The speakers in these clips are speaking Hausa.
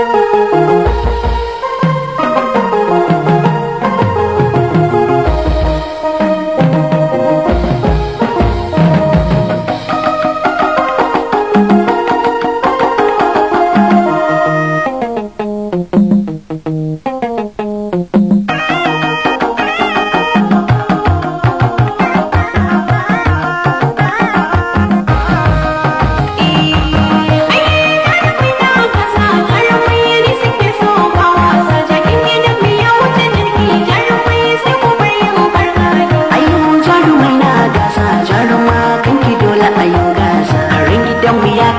thank you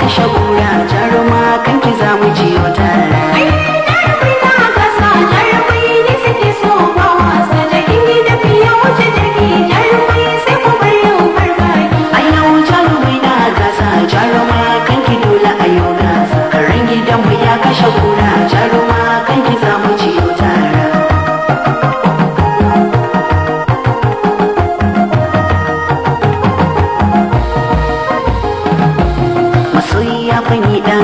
show. Ida.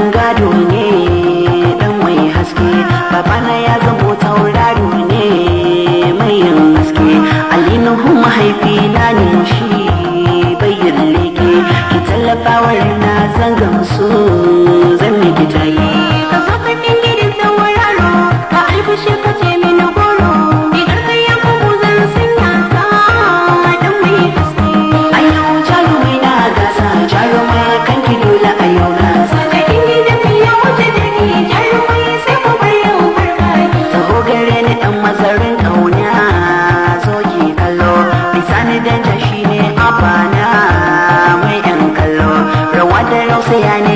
I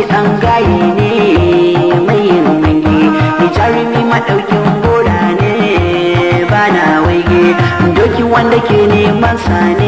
shi ɗan gaye ne mai yin nange ni jarumi maɗaukin gora ne bana waige doki wanda ke neman sani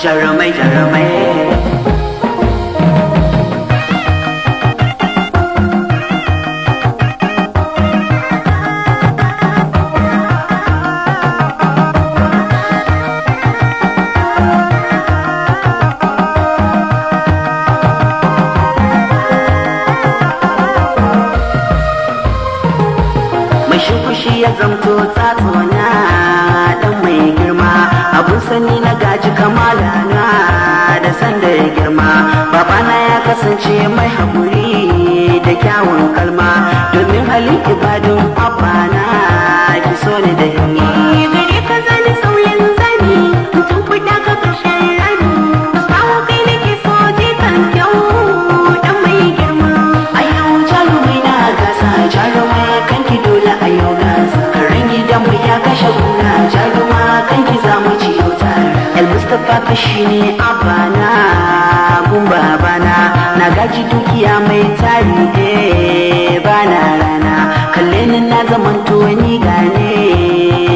Jeremy, Jeremy. Mai shi kushi ya zamto tsatona an sani na gaji kama na da sanda ya girma babana ya kasance mai haƙuri da kyawun kalma domin halin ibadun abana ki so ni da hinni eh, gare ka zani sauyin zani mutum kuɗa ka ƙarshen rani bawo kai nake so kyau dan mai girma a yau jarumai na gasa jarumai kan dole a yau gasa karen ya kashe kuna. jarumai baka shine abana gumba babana na gaji dukiya mai tari eh bana rana kalle ni na zamanto wani gane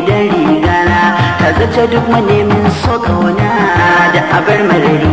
dan rigana ta zace duk manemin so kauna da abar marari